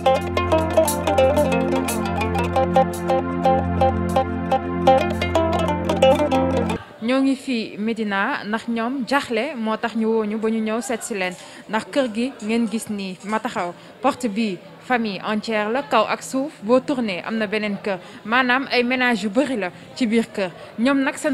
ñoo ngi fii Médina ndax ñoom jaxle moo tax ñu woo ba ñu ñëw seet si leen ndax kër gi ngeen gis nii ma taxaw porte bii famille entière le kaw ak souf bo tourner amna un manam ay ménage yu la ci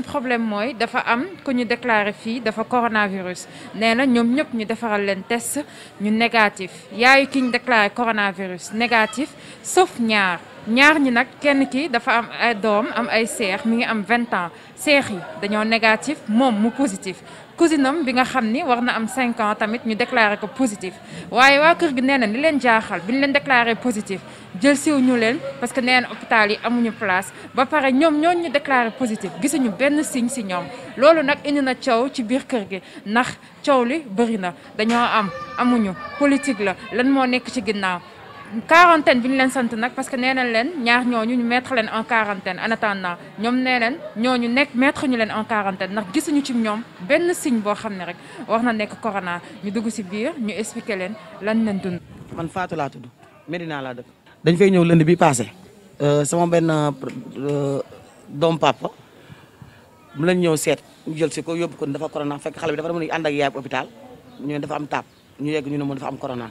problème moy dafa am ko ñu déclaré fi dafa coronavirus néna ñom ñep ñu défaral un test ñu négatif yaay ki ñu déclarer coronavirus négatif sauf ñaar ñaar ñi un kenn ki dafa am ay am ans qui yi négatif mom positif cousinam bi nga xam ni war na am 5 tamit ñu déclaré ko positif waaye waa kër gi nee na li leen jaaxal bi ñu leen déclaré positif jël siw ñu leen parce que nee na hôpital yi amuñu place ba pare ñoom ñooñu ñu déclaré positif gisuñu benn signe si ñoom loolu nag indi na coow ci biir kër gi ndax coow li bëri na dañoo am amuñu politique la lan moo nekk ci ginnaaw quarantaine bi ñu leen sant nag parce que nee leen leen ñaar ñooñu ñu mettre leen en quarantaine en attendant ñoom nee leen ñooñu nekk mettre ñu leen en quarantaine ndax gisuñu ci ñoom benn signe boo xam ne rek war na nekk corona ñu dugg si biir ñu expliquer leen lan lañ dund. man Fatou laa tudd Medina laa dëkk. dañ fay ñëw lënd bi passé euh, sama benn euh, doom papa mu lañ ñëw seet ñu jël si ko yóbbu ko dafa corona fekk xale bi dafa demoon ànd ak yaay hôpital ñu daf am taab ñu yegg ñu ne moom am corona.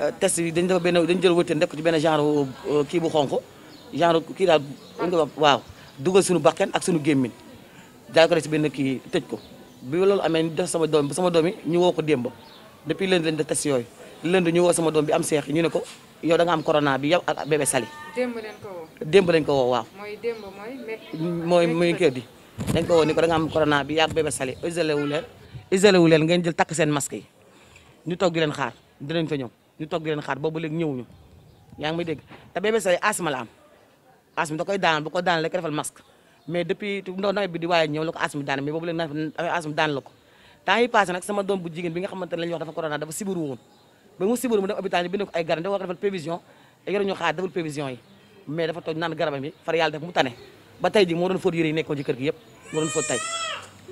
Euh, test yi dañ dafa ben dañ jël wëteen def ko ci ben genre euh, ki bu xonko genre ki kii daal waaw duggal suñu bakkan ak suñu gémmiñ daal ko def si benn kii tëj ko bi loolu amee def sama doom sama doom ñu woo ko démb depuis lundi lañ da test yoy lundi ñu wo sama doom bi am cheikh ñu ne ko yow da nga am corona bi yow ak bébé Sali. demb lañ ko wo demb lañ ko wo waaw. moy demb moy moy moy kër di dañ ko wo ni ko da nga am corona bi yàgg bébé Sali isolé wu leen isolé wu leen ngeen jël tak seen masque yi ñu toog di leen xaar dinañ fa ñëw. ñu toog di leen xaar boobu léegi ñëwuñu yaa ngi may dégg te bébé say asma la am asma da koy daanal bu ko daanal rek defal masque mais depuis ndox nawet bi di waaye ñëw la ko asma daan mais boobu léegi naa asma daan la ko temps yi passé nag sama doom bu jigéen bi nga xamante ne la ñuy wax dafa corona dafa sibiru woon ba mu sibiru mu dem hôpital yi bind ko ay garab da ko defal prévision yore ñu xaar deful prévision yi mais dafa toog naan garabam yi far yàlla def mu tane ba tey ji moo doon fóot yére yi nekkoon ci kër gi yëpp moo doon fóot tey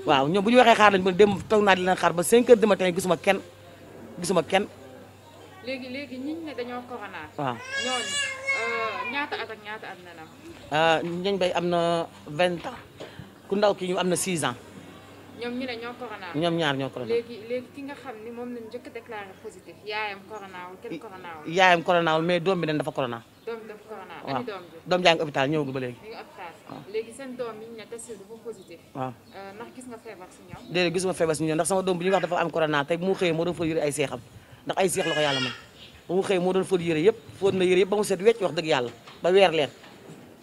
waaw ñoom bu ñu waxee xaar lañ ba dem toog naa di leen xaar ba 5 heures du matin gisuma kenn gisuma kenn léegi léegi ñiñ ne dañoo corona. waaw ñooñu euh, ñaata at ñaata at na la. Euh, bay am na vingt ans ku ndaw kii ñu am na six ans. ñoom ñu ne ñoo corona. ñoom ñaar ñoo corona léegi léegi ki nga corona wul mais doom bi dañ dafa corona. doom bi dafa ba léegi. léegi seen doom yi ñu euh, gis nga feebar si ñoom. ndax sama doom bi ñu wax dafa am corona tey mu xëyee moo doon fa yëre ay seexam ndax ay seex la ko yàlla man ba mu xëy moo doon fóot yére yëpp fóot na yére yëpp ba mu set wecc wax dëgg yàlla ba weer leen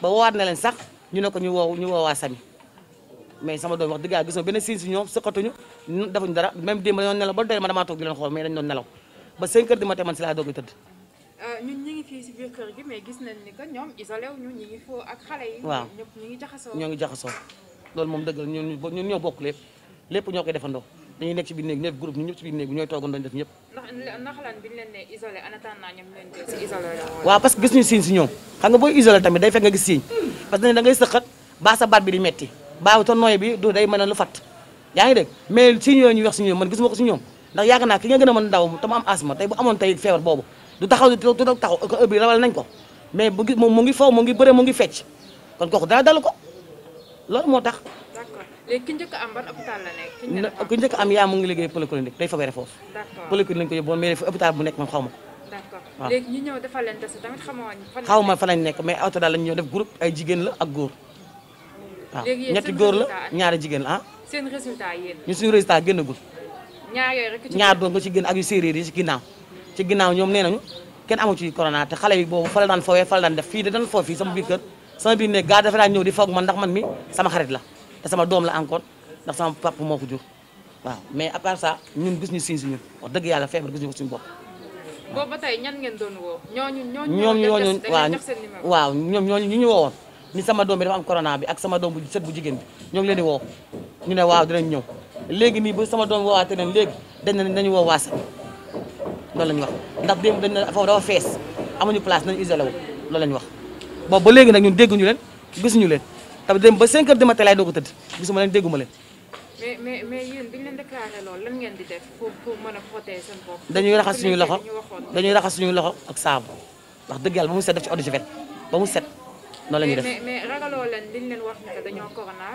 ba woowaat na leen sax ñu ne ko ñu woo ñu woowaa sami mais sama doom wax dëgg yàlla gis ma benn signe si ñoom sëqatuñu defuñu dara même démb dañoo nelaw ba doy ma damaa toog di leen xool mais dañu doon nelaw ba 5 a tëdd euh, ñun ñu ngi fii si biir gis nañ ni que ñoom isolé ñu ñu ngi foo ak xale yi waaw ñëpp ñu ngi jaxasoo ñoo ngi jaxasoo loolu moom dëgg la ñun ñoo bokk lépp lépp ñoo koy defandoo dañuy nekk ci biir néeg neuf groupe ñu ñëpp ci biir néeg bi ñooy toogandoñ def ñëpp waaw parce que gis ñu signe si ñoom xam nga booy isolé tamit day fekk nga gis signe parce que da ngay sëqat baa sa baat bi di metti baa ta nooy bi du day mën a lu fat yaa ngi dégg mais signe yooyu ñuy wax si ñoom man gisuma ko si ñoom ndax yàgg naa ki nga gën a mën daw te mu am asthme tey bu amoon tey feebar boobu du taxaw du taxaw ko ëpp bi rawal nañ ko mais mu ngi faw mu ngi bëre mu ngi fecc kon kooku dana dalu ko loolu moo tax ki njëkk am ban hôpital la nekk. ki njëkk am yaa mu ngi liggéey polyclinique day fabare foofu. d'accord polyclinique ko yóbboon mais hôpital bu nekk man léegi ñu ñëw defal leen test xaw ma fa lañ nekk mais auto daal lañu def groupe ay jigéen la ak góor. góor la ñaari jigéen la ah. seen résultat yéen. ñu suñu résultat ak yu séeréer yi ci ginnaaw. ginnaaw ñoom nee nañu kenn amu ci corona te yi boobu fa la daan fowee fa la def fii da daan foo fii sama biir kër sama biir ne gaa dafa daan ñëw di foog man ndax man mi sama xarit la te sama doom la encore ndax sama papa moo ko jur waaw mais à part ça ñun gis ñu signe si ñun dëgg yàlla feebar gis ñu ko suñu bopp. boobu tey ñan ngeen doon woo. ñooñu ñooñu ñooñu waaw waaw ñoom ñooñu ñu ñu woowoon ni sama doom bi dafa am corona bi ak sama doom bu set bu jigéen bi ñoo ngi leen di woo ñu ne waaw dinañ ñëw léegi nii ba sama doom woowaatee leen léegi dañ ne dañu woo waa set loolu la ñu wax ndax démb dañ na foofu dafa fees amuñu place nañu isolé wu loolu la ñu wax boobu ba léegi nag ñun dégguñu leen gisuñu leen tam dem ba 5 dem du matin laay doog a tëdd gisuma leen dégguma leen. mais mais mais yéen bi ñu leen déclaré lan ngeen di def pour pour mën a protéger seen bopp. dañuy raxas suñuy loxo dañuy raxas suñuy loxo ak saabu wax dëgg yàlla ba mu set def ci eau de javel ba mu set. noonu la ñuy def mais mais leen li leen wax ni que dañoo corona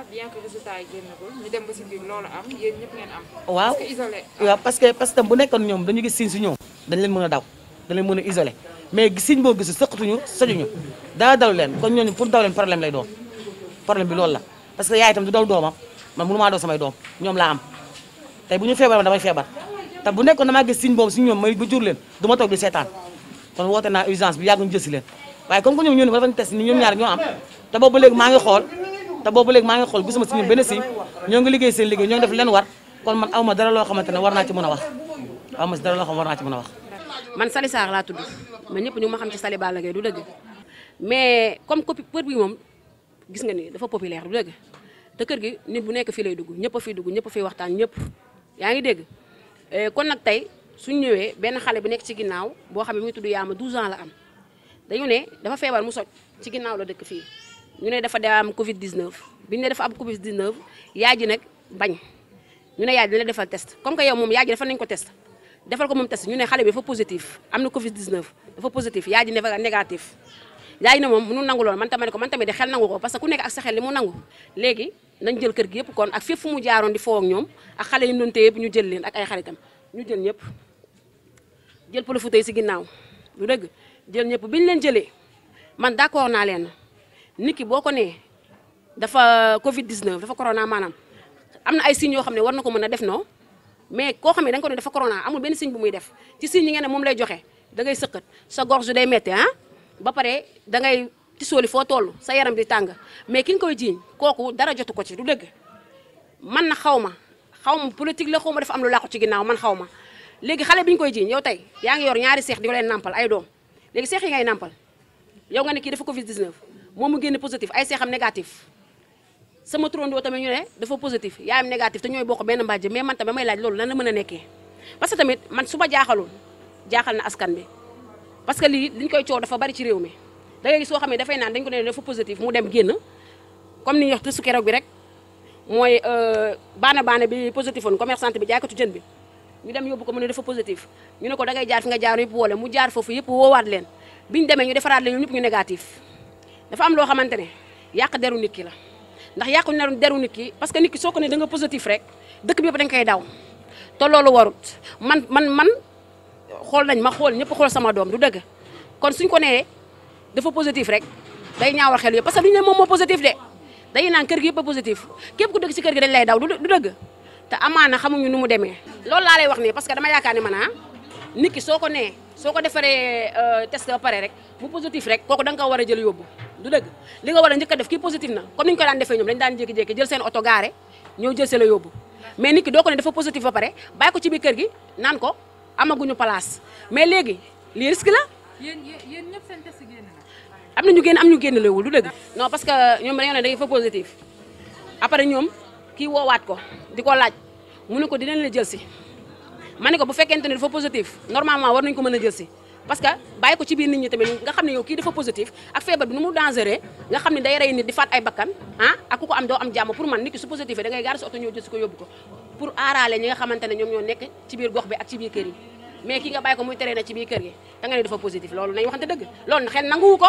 dem ba si biir loolu am yéen ñëpp ngeen am. waaw parce que parce que bu nekkoon ñoom dañu gis signe si ñoom. dañ leen mën a daw dañ mën a isolé mais signe boo gis sëqatuñu sojuñu daa dalu leen kon ñooñu pour daw leen problème lay doon problème bi loolu la parce que yaay itam du daw doomam man mënu maa daw samay doom ñoom laa am tey bu ñu feebar ma damay feebar te bu nekkoon damaa gis signe boobu si ñoom may ba jur leen du ma toog di seetaan kon woote naa urgence bi yàgg ñu jësi leen waaye comme que ñoom ñoon ba dafañ test ni ñoom ñaar ñoo am te boobu léegi maa ngi xool te boobu léegi maa ngi xool gisuma si ñoom benn signe ñoo ngi liggéey seen liggéey ñoo ngi def leen war kon man awma dara loo xamante ne war naa ci mën a wax aw ma si dara loo xam war naa ci mën a wax man Sali Sarr laa tudd man ñëpp ñu ma xam ci Sali Balla Gaye du dëgg mais comme copie për bi moom gis nga ni dafa populaire du dëgg te kër gi nit bu nek fi lay dugg ñepp fi fiy dugg ñëpp a fiy waxtaan ñëpp yaa ngi dégg eh, kon nak tay suñ ñëwé ben xalé bu nek ci ginnaw bo xamé muy mi yaama 12 ans la am dañu né dafa feebar mu soj ci ginnaw la dëkk fi ñu né dafa daa am covid 19 biñu né dafa am covid 19 yaaji nak nag bañ ñu ne yaay dina defal test comme que yow moom yaaji dafa defal ko test defal ko moom test ñu né xalé bi fa positif am covid 19 dafa positif yaaji né fa négatif yaay na moom mënu nangu loolu man tamit ne ko man tamit di xel nangu ko parce ku nekk ak sa xel li mu nangu léegi nañ jël kër gi yëpp kon ak fépp fu mu jaaroon di foo ak ñoom ak xale yi mu doon yëpp ñu jël leen ak ay xaritam ñu jël ñëpp jël pëlafuta yi si ginnaaw lu dëgg jël ñëpp bi leen jëlee man d'accord naa leen nit ki boo ko nee dafa covid 19 dafa corona maanaam am na ay signes yoo xam ne war na ko mën a def non mais koo xam ne da nga dafa corona amul benn signe bu muy def ci signe yi nga ne moom lay joxe da ngay sëqat sa gorge day métti ah. ba pare da ngay tisooli foo toll sa yaram di tàng mais ki nga koy jiiñ kooku dara jotu ko ci du dëgg man na xaw ma xaw ma politique la xaw ma dafa am lu làqu ci ginnaaw man xaw ma léegi xale bi ñu koy jiiñ yow tey yaa ngi yor ñaari seex di nampal ay doom léegi seex yi ngay nampal yow nga ne kii dafa covid 19 moom mu génn positif ay seexam négatif sama turandoo tamit ñu ne dafa positif yaayam négatif te ñooy bokk benn mbàjj mais man tamit may laaj loolu lan la mën a nekkee parce que tamit man su ma jaaxalul jaaxal na askan bi parce que lii liñ koy coow dafa bari ci réew mi da ngay soo xam ne dafay naan dañ ko ne dafa positif mu dem génn comme ni ñuy wax tësu keroog bi rek mooy euh, baana baana bi positif woon commerçante bi jaaykatu jën bi ñu dem yóbbu ko mu ne dafa positif ne ko da ngay jaar jaar yëpp mu jaar foofu yëpp woowaat leen biñu demee ñu defaraat leen ñëpp ñu négatif dafa am loo xamante ne yàq deru nit ki la ndax yàqu na deru nit ki parce que nit ki soo ne da nga positif rek dëkk bi yëpp dañ koy daw te loolu warut man man man xool nañ ma xool ñëpp xool sama doom du dëgg kon suñ ko nee dafa positif rek day ñaawal xel yëpp parce que duñu ne moom moo positif de dañuy naan kër gi yëpp positif képp si kër gi dañ lay daw du dëgg te amaana xamuñu nu mu demee. loolu laa lay wax nii parce que dama yaakaar ne man ah ki soo ko nee soo ko defaree euh, test ba pare rek bu positif kooku da war a jël yóbbu du dëgg li nga war a njëkk a def kii positif na comme ni ñu ko daan defee ñoom dañ daan jékki-jékki jël seen oto gaare ñëw jël seen la yóbbu mais nit ki doo ko ne dafa positif ba pare ko ci bii kër gi naan ko amaguñu place mais léegi li risque la. yéen yéen ñëpp seen test génn na. am na ñu génn am ñu génn léewul du dëgg. non parce que ñoom dañoo ne dañuy fa positif après ñoom kii woowaat ko di ko laaj mu ne ko dinañ la jël si ma ko bu fekkente ne dafa positif normalement war nañ ko mën a jël si. parce que bàyyi ko ci biir nit ñi tamit nga xam yow kii dafa positif ak feebar bi nu mu dangereux nga xam ne day rey nit di faat ay bakkan ah ak ku ko am doo am jàmm pour man nit su positif da ngay gaar sa oto ñëw jël si ko yóbbu ko pour aaraale ñi nga xamante ne ñoo nekk ci biir gox bi ak ci biir kër yi mais ki nga bay ko muy na ci bi kër gi da nga ne dafa positif loolu nañ waxante deug loolu xel nangou ko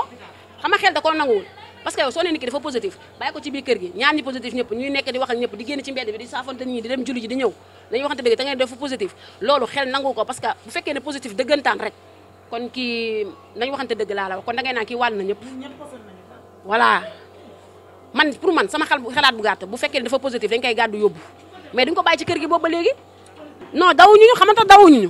xama xel da ko nangou parce que yow so nee ki dafa positif bay ko ci bi kër gi ñaar ñi positif ñep ñuy nekk di waxal ñep di génn ci mbéd bi di saafante ñi di dem julli ji di ñew dañ waxante deug da nga dafa positif loolu xel nangou ko parce que bu fekké né positif dëggantaan rek kon ki nañ waxante deug la la kon da ngay nan ki wal na ñep voilà man pour man sama bu xalat bu gatt bu fekké dafa positif dañ kay gaddu yobbu mais duñ ko bay ci kër gi boobu ba léegi non dawu ñu xamanta dawu ñu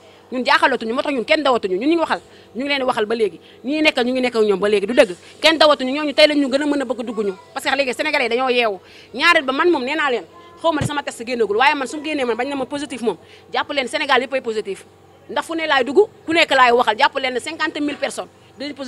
ñun jaaxalatuñu moo tax ñun kenn dawatuñu ñun ñu ngi waxal ñu ngi leen waxal ba léegi ñii nekkal ñu ngi nekkal ñoom ba léegi du dëgg kenn dawatuñu ñooñu tey lañ ñu gën a mën a bëgg dugg ñu parce que léegi sénégalais dañoo yeewu ñaareel ba man moom nee naa leen xaw ma ne sama test génnagul waaye man su mu génnee man bañ na ma positif moom jàpp leen sénégal yëppay positif ndax fu ne laay dugg ku nekk laay waxal jàpp leen ne cinquante mille personnes dañu